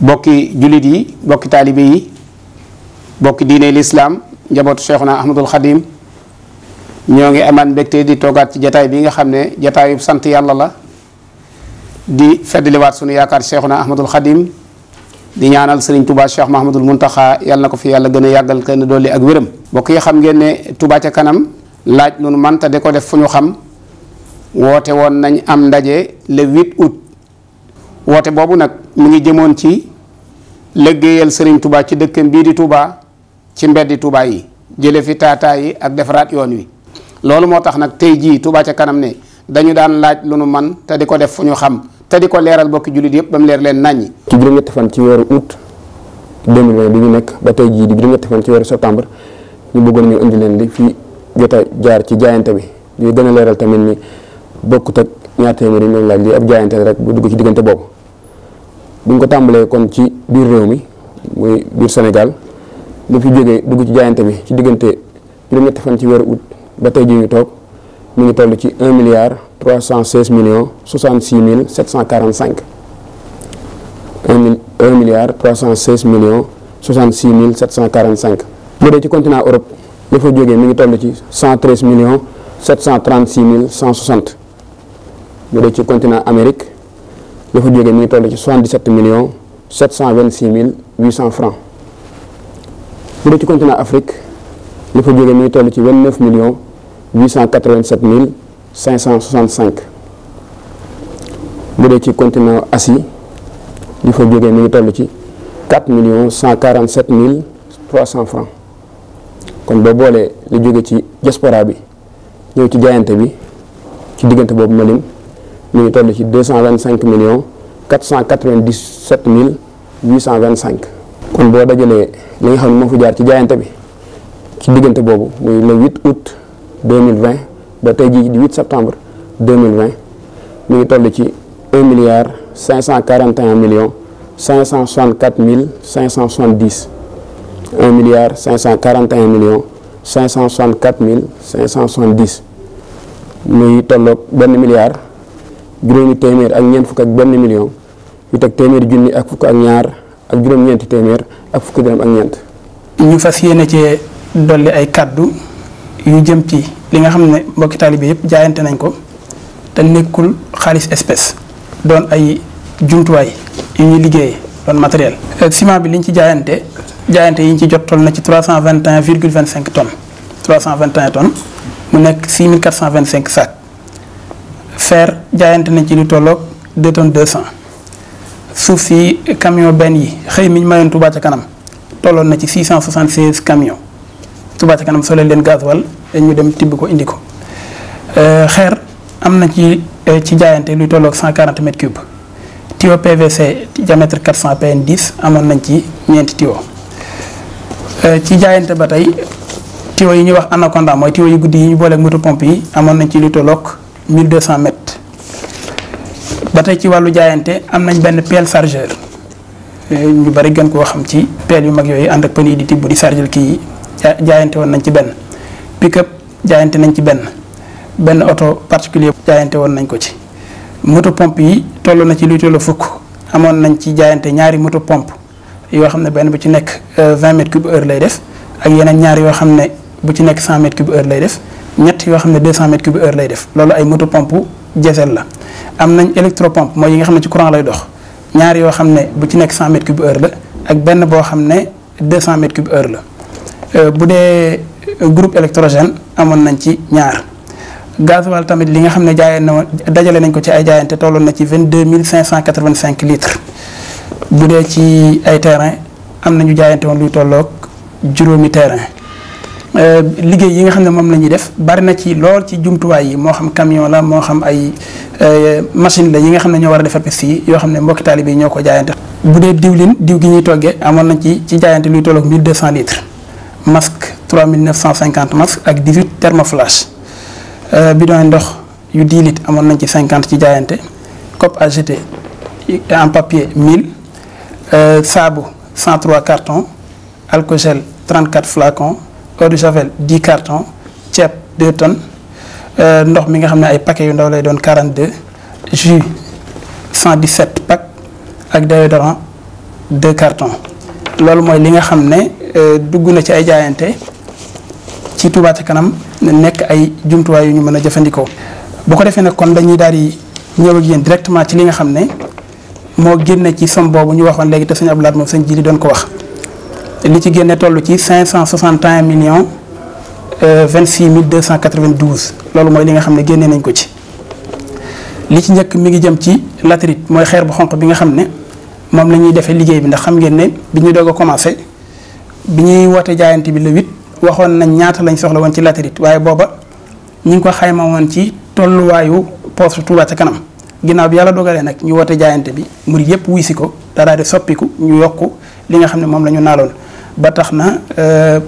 bokki jullit yi bokki taalibe yi bokki diine lislaam njabootu Cheikhuna Ahmadul Xadim ñoo ngi amaan mbégte di toogaat ci jataay bii nga xam ne jataayu sant yàlla la di feddliwaat sunu yaakaar Cheikhuna Ahmadul Xadim di ñaanal sëriñ Touba Cheikh Mahamadul Muntaxa yàlla na ko fi yàlla gën a yàggal kenn dolli ak wéram bokk yi xam ngeen ne Touba ca kanam laaj lu manta de ko def fu ñu xam woote woon nañ am ndaje le 8 août woote boobu nag mu ngi jëmoon ci léggéeyal sëriñ tubaa ci dëkkam bii di Touba ci mbeddi Touba yi jële fi taataay yi ak defaraat yoon wi loolu moo tax nag tey jii Touba ci kanam ne dañu daan laaj lu nu man te di ko def fu ñu xam te di ko leeral bokki jullit yëpp ba mu leer leen naññi ci juróom-ñetti fan ci weeru août 2020 bi ñu nekk ba tey jii di juróom-ñetti fan ci weeru septembre ñu bëggoon ñu indi leen li fi jot a jaar ci jaayante bi ñuy gën leeral tamit ni bokkut ak ñaar téeméeri ñu laaj lii ab rek bu dugg ci diggante boobu buñ ko tàmbalee kon ci biir réew mi muy biir Sénégal lu fi jógee dugg ci jaayante bi ci diggante juróom-ñetti fan ci weeru août ba tey ji ñu toog mu ngi toll ci 1 milliard 316 millions 66 mille 745 1 milliard 316 millions 66 mille 745. bu dee ci continent Europe li fa jógee mi ngi toll ci 113 millions 736 mille 160 bu dee ci continent Amérique. ba fa jógee mi ngi toll ci 77 millions 726 mille 800 francs bu dee ci continent Afrique li fa jógee mi ngi toll ci 29 millions 887 mille 565 bu dee ci continent Asie li fa jógee mi ngi toll ci 4 millions 147 mille 300 francs kon boo boolee li jóge ci diaspora bi ñëw ci jaayante bi ci diggante boobu ma mu ngi toll ci deux cent vingt cinq millions quatre cent quatre vingt mille huit cent cinq. kon boo dajalee li nga xam ne moo fi jaar ci jaayante bi ci diggante boobu muy le huit août mille vingt ba tey jii huit septembre deux mille vingt mi ngi toll ci un milliard cinq cent quarante et un millions cinq cent soixante mille cinq cent soixante dix un milliard cinq cent quarante et un cent soixante quatre mille cinq cent soixante dix muy tolloog benn milliard. juróomi téeméer ak ñeent fukk ak benn million yu teg téeméeri junni ak fukk ak ñaar ak juróom-ñeenti téeméer ak fukki dërëm ak ñeent. ñu fas yéene cee dolli ay kàddu yu jëm ci li nga xam ne mbokki taalibe yëpp jaayante nañ ko te nekkul xaalis espèce doon ay jumtuwaay yu ñuy liggéeyee doon matériel. Euh, ciment bi liñ ci jaayante jaayante yi ñu ci jot toll na ci trois cent vingt et un virgule vingt cinq tonnes cent vingt et un mu nekk six mille quatre cent vingt cinq sacs. fer jaayante nañ ci lu tolloog deux tonnes deux cent suuf si camion benn yi xëy mi ñu mayoon Touba kanam tolloon na ci six cent soixante seize camion Touba ca kanam soleel leen wal ñu dem tibb ko indi ko euh, xeer am na ci euh, ci jaayante lu tolloog cent quarante mètres cubes tuyau PVC diamètre quatre cent PN dix amoon nañ ci ñeenti tuyau euh, ci jaayante ba tey tuyau yi ñuy wax anaconda mooy tuyau yu guddi yi ñu booleeg moto pomp yi amoon nañ ci lu tolloog. 1200 mètres ba tey ci wàllu jaayante am nañ benn pelle chargeur eh, ñu bari gën koo xam ci pelle yu mag yooyu ànd yi pneu di tibb di chargel kii yi jaayante woon nañ ci benn pick-up jaayante nañ ci benn benn oto particulier jaayante woon nañ ko ci moto pompe yi toll na ci luy tollu fukk amoon nañ ci jaayante ñaari moto pompe yoo xam ne benn bu ci nekk 20 euh, mètres cube heure lay def ak yeneen ñaari yoo xam ne bu ci nekk 100 mètres cube heure lay def ñett yoo xam ne 200 mètres cube heure lay def loolu ay moto pompe diesel la am nañ électropompe mooy yi nga xam ne ci courant lay dox ñaar yoo xam ne bu ci nekk 100 mètres cube heure la ak benn boo xam ne 200 mètres cube heure la euh, bu dee euh, groupe électrogène amoon nañ ci ñaar gasoil tamit li nga xam ne jaayeen na dajale nañ ko ci ay jaayante tolloon na ci 22 585 litres bu dee ci ay terrain am nañu jaayante woon luy tollook juróomi terrain Euh, liggéey yi nga xam ne moom la ñuy def bari na ci lool ci jumtuwaay yi moo xam camion la moo xam ay euh, machine la yi nga xam ne ñoo war a defar piste yi yoo xam ne mbokki taalibe yi ñoo ko jaayante. bu dee diwlin diw gi ñuy toggee amoon na ci ci jaayante luy tolloog 1200 litres masque 3950 masque ak 18 thermoflash euh, bidon ndox yu 10 amoon nañ ci cinquante ci jaayante coppe à jeter en papier 1000 saabu 103 cartons alcogel 34 flacons. eau de javel 10 cartons ceeb 2 tonnes euh, ndox mi nga xam ne ay paquets yu ndaw lay doon cent jus 117 pack ak déodorant 2 cartons loolu mooy li nga xam ne euh, dugg na ci ay jaayante ci Touba kanam nekk ay jumtuwaay yu ñu mën a jëfandikoo. bu ko defee nag kon dañuy daal di ñëw ak yéen directement ci li nga xam ne moo génne ci somme boobu ñu waxoon léegi te sëñ laat moom sëñ ji li doon ko wax. li ci génne toll ci cinq cent soixante et un millions euh, vingt six mille deux cent quatre vingt loolu mooy li nga xam ne génne nañ ko ci. li ci njëkk mi ngi jëm ci latérite mooy xeer bu xonq bi nga xam ne moom la ñuy defee liggéey bi ndax xam ngeen ne bi ñu doog a commencé bi ñuy woote jaayante bi le huit waxoon nañ ñaata lañ soxla woon ci latérite waaye booba ñu ngi ko xayma woon ci tolluwaayu poste Touba ca kanam ginnaaw bi yàlla dogalee nag ñu woote jaayante bi murid yëpp wuy si ko dara di soppiku ñu yokk li nga xam ne moom la ñu naaloon. ba tax na euh,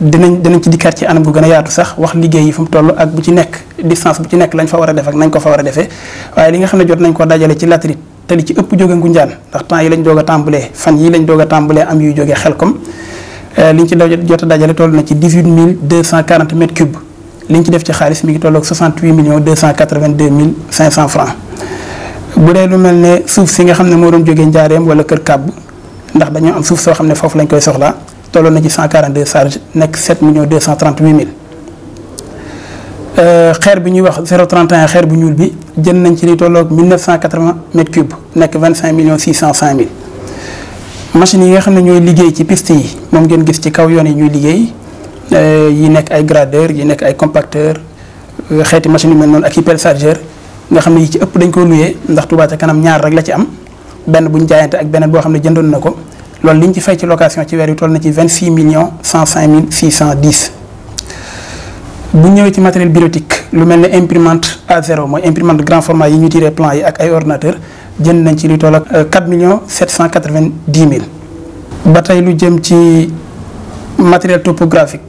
dinañ dinañ ci dikkaat ci anam bu gën a yaatu sax wax liggéey yi fu mu toll ak bu ci nekk distance bu ci nekk lañ fa war a def ak nañ ko fa war a defee waaye li nga xam ne jot nañ ko dajale ci latérite te li ci ëpp jóge Ngunjaan ndax temps yi lañ doog a tàmbalee fan yi lañ doog a tàmbalee am yuy jógee Xelkom euh, liñ ci jot a dajale toll na ci 18 240 mètres cubes liñ ci def ci xaalis mi ngi toll ak 68 millions 282 mille 500 francs bu dee lu mel ne suuf si nga xam ne moo doon jógee Njaareem wala Kër Kàbb ndax dañoo am suuf soo xam ne foofu lañ koy soxlaa tolloon na ci cent 142 charge nekk 7 millions 238 mille euh, xeer bi ñuy wax 031 xeer bu ñuul bi jën nañ ci li tolloog 1980 mètres cubes nekk 25 millions cinq mille machines yi nga xam ne ñooy liggéey ci piste yi moom ngeen gis ci kaw yoon yi ñuy liggéey euh, yi nekk ay gradeur yi nekk ay compacteur euh, xeeti machine yu mel noonu ak yi chargeur nga xam ne yi ci ëpp dañ ko luyee ndax Touba kanam ñaar rek la ci am benn bu ñu jaayante ak boo xam ne jëndoon na ko loolu li ñu ci fay ci location ci weer yu toll na ci vingt six millions cent cinq mille six cent dix bu ñëwee ci matériel bureautique lu mel ne imprimante A0 mooy imprimante grand format yi ñu tiré plan yi ak ay ordinateur jënd nañ ci li toll ak euh, quatre millions sept cent quatre vingt dix mille ba tey lu jëm ci matériel topographique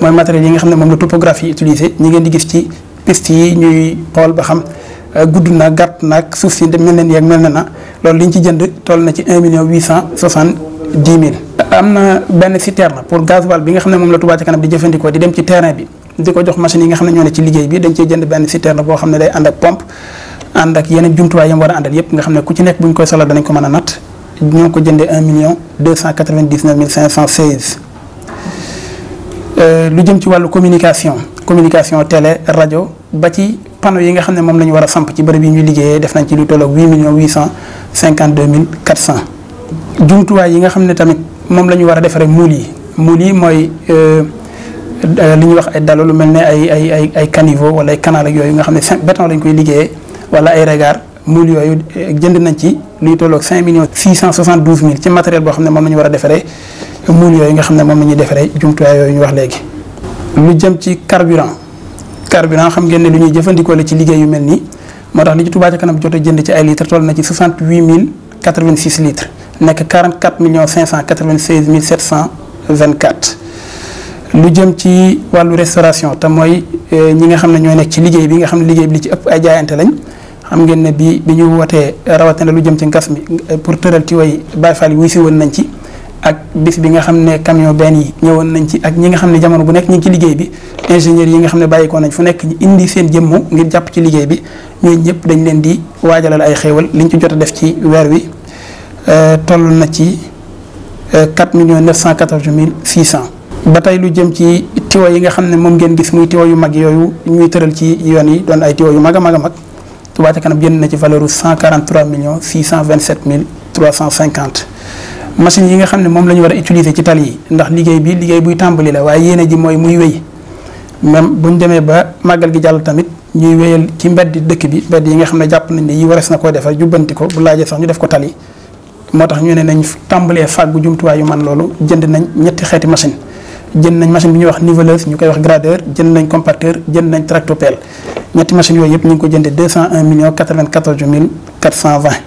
mooy matériel yi nga xam ne moom la topographie yi utilisé ñi ngeen di gis ci piste yi ñuy xool ba xam euh, gudd na gàtt na suuf si mel na nii ak mel na na loolu li ñu ci jënd toll na ci un million huit dix mille am na benn citerne la pour gasoil bi nga xam ne moom la Touba ca kanam di jëfandikoo di dem ci terrain bi di ko jox machine yi nga xam ne ñoo ne ci liggéey bi dañ cey jënd benn citerne la boo xam ne day ànd ak pompe ànd ak yeneen jumtuwaay yi war a àndal yépp nga xam ne ku ci nekk bu ñu koy soxla danañ ko mën a natt ñoo ngi ko jëndee un million deux cent quatre-vingt-dix-neuf mille cinq cent euh, lu jëm ci wàllu communication communication télé rajo ba ci yi nga xam ne moom la ñu war a samp ci bërëb yi ñuy liggéeyee def nañ ci lu toll ak huit millions huit cent cinquante-deux mille quatre cent jumtuwaay yi nga xam ne tamit moom la ñu war a defaree muul yi muul yi mooy euh, li ñu wax ay dalo lu mel ne ay ay ay ay caniveau wala ay canal ak yooyu nga xam ne béton lañ koy liggéeyee wala ay regard muul yooyu euh, jënd nañ ci luy tolloog 5 millions 672 mille ci matériel boo xam ne moom la war a defaree muul yooyu nga xam ne moom la ñuy defaree jumtuwaay yooyu ñu wax léegi. lu jëm ci carburant carburant xam ngeen ne lu ñuy jëfandikoo la ci liggéey yu mel nii moo tax li ci a jënd ci ay litres na ci 68 mille 86 litres. nekk 44 millions 596 mille 724 lu jëm ci wàllu restauration te mooy euh, ñi nga xam ne ñoo nekk ci liggéey bi nga xam ne liggéey bi li ci ëpp ay jaayante lañ xam ngeen ne bi ñu wootee rawatina lu jëm ci ngas mi euh, pour tëral ci way Baay Faal yi wuy woon nañ ci ak bis bi nga xam ne camion benn yi ñëwoon nañ ci ak ñi nga xam ne jamono bu nekk ñu ci liggéey bi ingénieurs yi nga xam ne bàyyikoo nañ fu nekk ñu indi seen jëmm ngir jàpp ci liggéey bi ñooñu ñëpp dañ leen di waajalal ay xéewal liñ ci jot a def ci weer wi Euh, toll na ci euh, quatre millions neuf cent quatorze mille six cent ba tey lu jëm ci tiwo yi nga xam ne moom ngeen gis muy tiwo yu mag yooyu ñuy tëral ci yoon yi doon ay tiwo yu mag a mag a mag Touba Ca Kanam génn na ci valeur cent quarante trois millions six vingt sept mille trois cent cinquante machines nga xam ne moom la ñu war a utiliser ci tali yi ndax liggéey bi liggéey buy tàmbali la waaye yéene ji mooy muy wéy même bu ñu demee ba màggal gi jàll tamit ñuy wéyal ci mbedd dëkk bi mbedd yi nga xam ne jàpp nañ ne yi wares na ko defar jubbanti ko bu laajee sax ñu def ko tali moo tax ñu ne nañ tàmbalee fàggu jumtuwaay yu man loolu jënd nañ ñetti xeeti machine jënd nañ machine bi ñuy wax niveleuse ñu koy wax gradeur jënd nañ compacteur jënd nañ tractopelle ñetti machines yooyu yëpp ñu ngi ko jëndee deux cent un million quatre-vingt-quatorze mille quatre cent vingt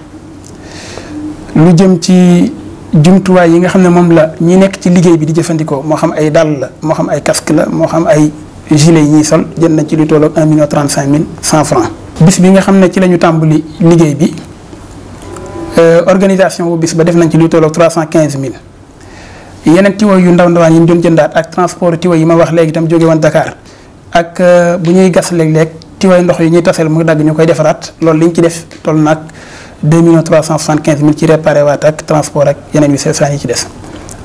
lu jëm ci jumtuwaay yi nga xam ne moom la ñi nekk ci liggéey bi di jëfandikoo moo xam ay dàll la moo xam ay casque la moo xam ay gilet yi ñuy sol jënd nañ ci lu tolloog un million trente-cinq mille cent francs bis nga xam ci la ñu tàmbali liggéey bi. Euh, organisation bu bis ba def nañ ci lu tolloog trois cent quinze mille yeneen tiwo yu ndaw ndawaan yi ñu doon jëndaat ak transport tiwo yi ma wax léegi tam jóge woon Dakar ak euh, bu ñuy gas léeg-léeg tiwo ndox yi ñuy taseel mu dagg ñu koy defaraat loolu li ñu ci def toll naag deux millions trois cent soixante quinze mille ci réparé waat ak transport ak yeneen yu sew yi ci des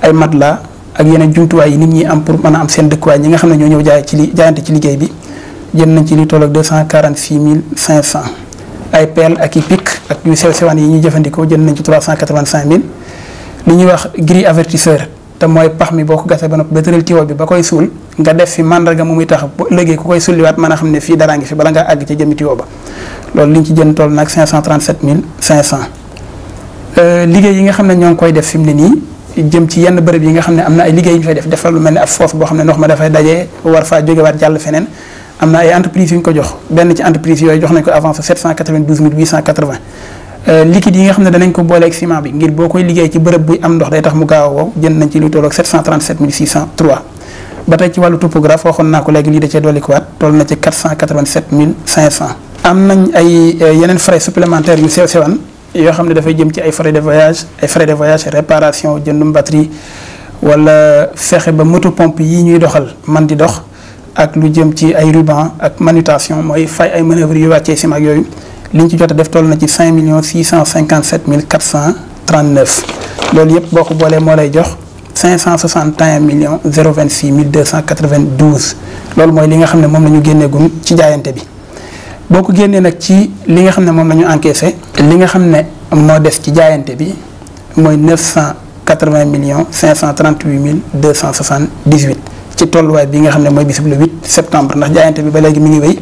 ay matelas ak yeneen jumtuwaay yi nit ñi am pour mën a am seen dëkkuwaay ñi nga xam ne ñoo ñëw jaay ci li jaayante ci liggéey bi jëm nañ ci lu toll cent quarante six mille cinq cent ay peel ak i pic ak yu sew sewaan yi ñuy jëfandikoo jënd nañ ci trois cent quatre-vingt-cinq mille li ñuy wax grille avertisseur te mooy pax mi boo ko gasee ba noppi ba tëral tiwo bi ba koy suul nga def fi mandarga mu muy tax bu ëllëgee ku koy sulliwaat mën a xam ne fii dara ngi fi bala nga àgg ci jëmi tiwo ba loolu li ñu ci jënd toll nag cinq cent trente-sept euh, liggéey yi nga xam ne ñoo ngi koy def fi mu ne nii jëm ci yenn bërëb yi nga xam ne am na ay liggéey yu ñu fay def defal lu mel ne ab foos boo xam ne ndox ma dafay dajee war faa jàll feneen am na ay entreprise yu ñu ko jox benn ci entreprise yooyu jox nañ ko avance 792 880 euh, liquide yi nga xam ne danañ ko boole booleeg ciment bi ngir boo koy liggéey ci bërëb buy am ndox day tax mu gaaw a wow jënd nañ ci lu tolloog 737 603 ba tey ci wàllu topographe waxoon naa ko léegi lii da cee dolli ko waat toll na ci 487 500 am nañ ay euh, yeneen frais supplémentaires yu sew sewan yoo xam ne dafay jëm ci ay frais de voyage ay frais de voyage réparation jëndum batterie wala fexe ba moto pompe yi ñuy doxal man di dox ak lu jëm ci ay ruban ak manutention mooy fay ay manœuvres yu wàccee si ak yooyu li ñu ci jot a def toll na ci cinq millions six cent cinquante sept mille quatre cent trente loolu yëpp boo ko boolee moo lay jox cinq cent soixante et un millions zéro vingt six mille deux cent quatre loolu mooy li nga xam ne moom la génnee génneegum ci jaayante bi boo ko génnee nag ci li nga xam ne moom la ñu li nga xam ne moo des ci jaayante bi mooy neuf cent quatre vingt millions cinq cent trente huit mille deux ci tolluwaay bi nga xam ne mooy bisub le 8 septembre ndax jaayante bi ba léegi mi ngi wéy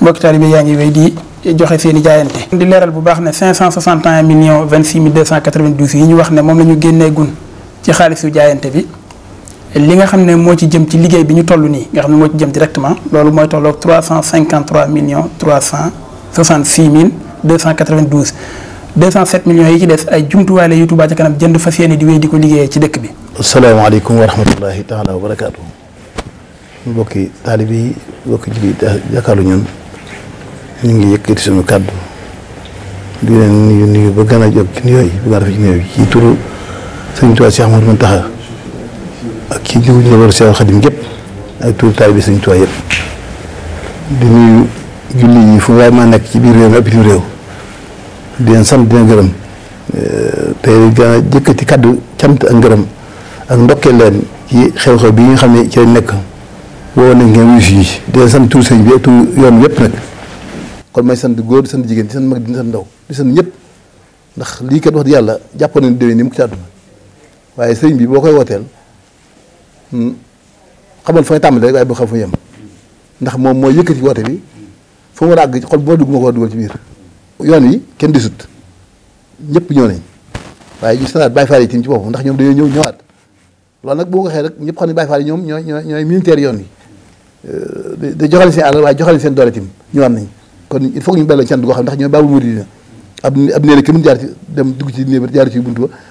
mbokki taalibe yaa ngi wéy di joxe seen jaayante. di leeral bu baax ne 561 millions 26 mille 292 yi ñu wax ne moom la ñu génnee gun ci xaalisu jaayante bi li nga xam ne moo ci jëm ci liggéey bi ñu toll nii nga xam ne moo ci jëm directement loolu mooy tolloog 353 millions 366 mille 292 207 millions yi ci des ay jumtuwaale yu Touba ca kanam jënd fas yéene di wéy di ko liggéeyee ci dëkk bi. asalaamaaleykum wa rahmatullahi taala wa barakaatu mbokki taalib yi mbokki jullit yi ngi yëkkati sunu kàddu di leen nuyu nuyu ba gën a jóg ci nuyoo yi ba gën a def ci nuyoo yi ci turu sëñ Tuubaa Cheikh Ahmadou ci julli yi fu waay maa nekk ci biir réew mi ak bitim réew di leen sant te gën kàddu cant ak ak ndokkeel leen ci xew-xew bi nga xam ne ci nekk woo nañ ngeen wuyu yi di sant tuur sëñ bi yoon yëpp nag kon may sant góor di sant jigéen di sant di sant ndaw ñëpp ndax lii kat wax yàlla jàppoon nañ déwén ni mu ko waaye sëriñ bi boo koy wooteel xamal fa nga tàmbalee rek waaye boo xam ndax moom mooy yëkkati woote bi fu mu war boo dugg ma ko dugal ci biir yoon wi kenn desut ñëpp ñoo nañ waaye ñu sanaat Baay Faal yi tim ci boppam ndax ñoom dañoo ñëw ñëwaat loolu nag bu ko waxee rek ñëpp xam ne Baye Fall yi ñoom ñooy ñooy ñooy militaire yoon wi euh, da joxale seen àll waaye joxale seen doole tim ñu am nañ kon il faut que ñu belloo cant goo xam ndax ñooy ci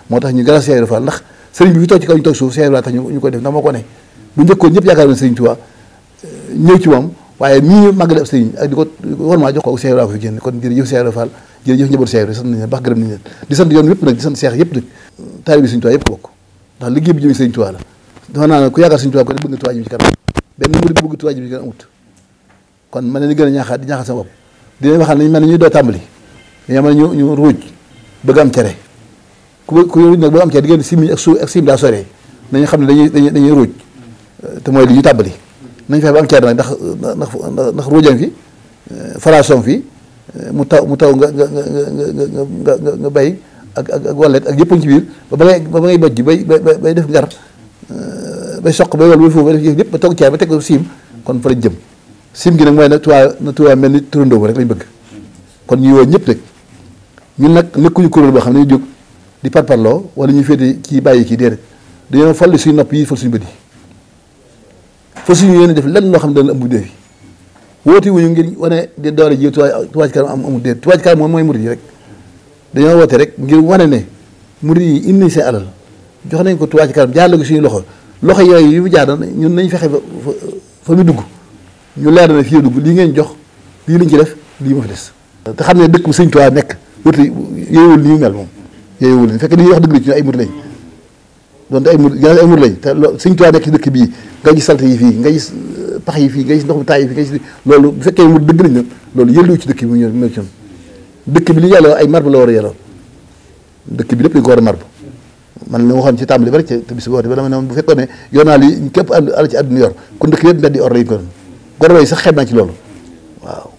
moo tax ñu gën a seeru Fall ndax sëriñ bi fi ñu toog suuf seeru ko ne bu njëkkoon ñëpp yaakaar woon sëriñ Tuubaa euh, ñëw ci moom waaye mii màggal ab sëriñ ak di ko war maa jox ko seeru ko fi yëpp nag di sant seex yëpp bokk ndax liggéey bi jëmee sëriñ Tuubaa la dafa naa ne ku yaakaar sëriñ Tuubaa ko ne bëgg nga Tuubaa jëm ci kanam benn murid kon man ne ni gën a ñaaxaat di ñaaxaat sama bopp dinañ waxal nañ mel ni ñuy doo tàmbali dañoo mel ñu ñu ruuj bëgg am cere ku ku ruuj nag bëgg am cere diggante simiñ ak suuf ak sim daa soree nañu xam ne dañuy dañuy dañuy ruuj te mooy li ñu tàmbali nañ fexe ba am cere nag ndax ndax ndax ruujam fi eh, farasom fi eh, mu taw mu taw nga nga nga nga nga nga bay ak ak ak wallet ak yëppañ ci biir ba ba ngay ba ba ngay bajj bay bay bay def ngar euh, bay soq bay wal bay foofu bay def yëf yëpp ba toog caay ba teg ko siim kon fa lañ jëm siim gi nag mooy na tuwaa na tuwaa mel ni turandoo rek lañ bëgg kon ñuy woo ñëpp nag ñun nag nekkuñu kuréel boo xam ne ñu jóg di parparloo wala ñuy féete kii bàyyi kii déedéet dañoo fal suñu nopp yi fal suñu bët yi fal suñu yéene def lenn loo xam ne dana ëmb déef yi woote wuñu ngir wane di doole ji tuwaa tuwaa ci kanam am amul déet tuwaa ci kanam moom mooy murid yi rek dañoo woote rek ngir wane ne murid yi indi seen alal jox nañ ko Touba Ca Kanam jaarale ko suñu loxo loxo yooyu yi mu jaaroon ñun nañ fexe ba fa mu dugg ñu leer na fii dugg lii ngeen jox lii lañ ci def lii ma fi te xam ne dëkk bu sëñ Touba nekk wut yooyuwul nii mel moom yooyuwul nii fekk wax dëgg ci ay murid lañ donte ay murid ay murid lañ te loo sëñ Touba nekk ci dëkk bii nga gis salte yi fii nga gis pax yi fii nga gis ndox mu taay yi fii nga gis loolu bu fekkee mu dëgg lañ la loolu yëlluwu ci dëkk bi mu ñëw ci dëkk bi li yàlla ay marbre la war a yoroon dëkk bi lépp li ko war a marbre man li ma ci tàmbali ba rek ci bis boobu dama ne bu fekkoon ne yor naa lii képp ci àdduna yor kon dëkk yëpp mbedd yi ko goro yi sax xeeb naa ci loolu waaw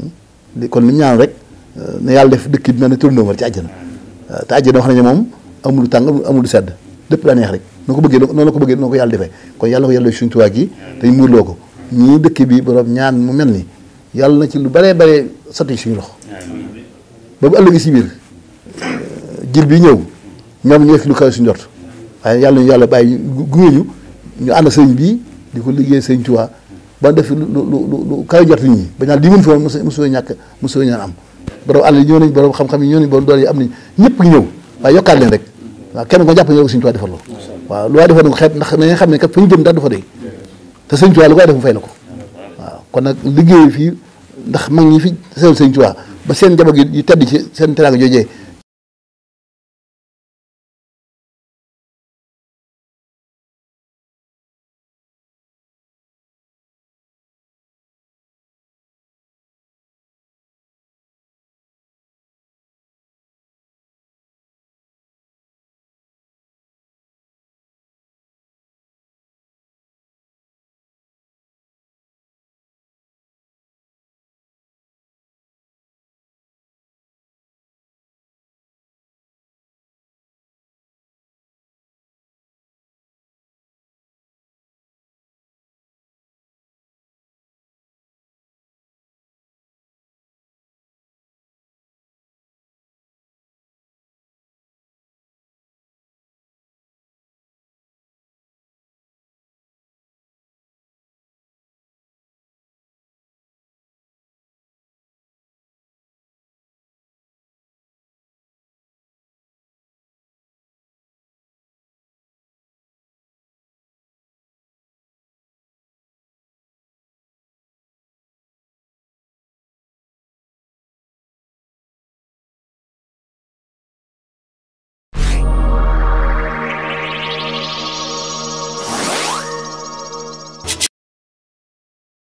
hmm? kon li ñaan rek euh, ne yàlla def dëkk bi mel ne turndoomal ci àjjana te àjjana wax nañu moom amul lu tàng amul lu sedd lépp daa neex rek noo ko bëggee noonu la ko bëggee noo ko yàlla defee kon yàlla ko yàlla suñu tuwaay gi dañ muurloo ko ñii dëkk bi borom ñaan mu mel ni yàlla na ci lu baree baree sotti suñu loxo ba bu ëllëgee si biir jil ñëw ñoom ñu def lu kawe suñu njort waaye yàlla ñu yàlla bàyyi gunge ñu ñu ànd sëñ bii di ko liggéey sëñ Tuubaa ba def lu lu lu kawe njort nit ñi ba ñaan lii mën fi woon mosoo ñàkk mosoo ñaan am borom àll yi ñëw nañ borom xam-xam yi ñëw nañ borom doole yi am nañ ñëpp ngi ñëw waaye yokkaat leen rek waaw kenn ko jàpp ñëw si sëñ Tuubaa defal la waaw lu waay defal na ko xeet ndax na nga xam ne kat fa ñu jëm daal du fa dee te sëñ Tuubaa lu koy def mu fay la ko waaw kon nag liggéey fii ndax mag ñi fi seen sëñ Tuubaa ba seen njaboot yu tedd ci seen teraanga joojee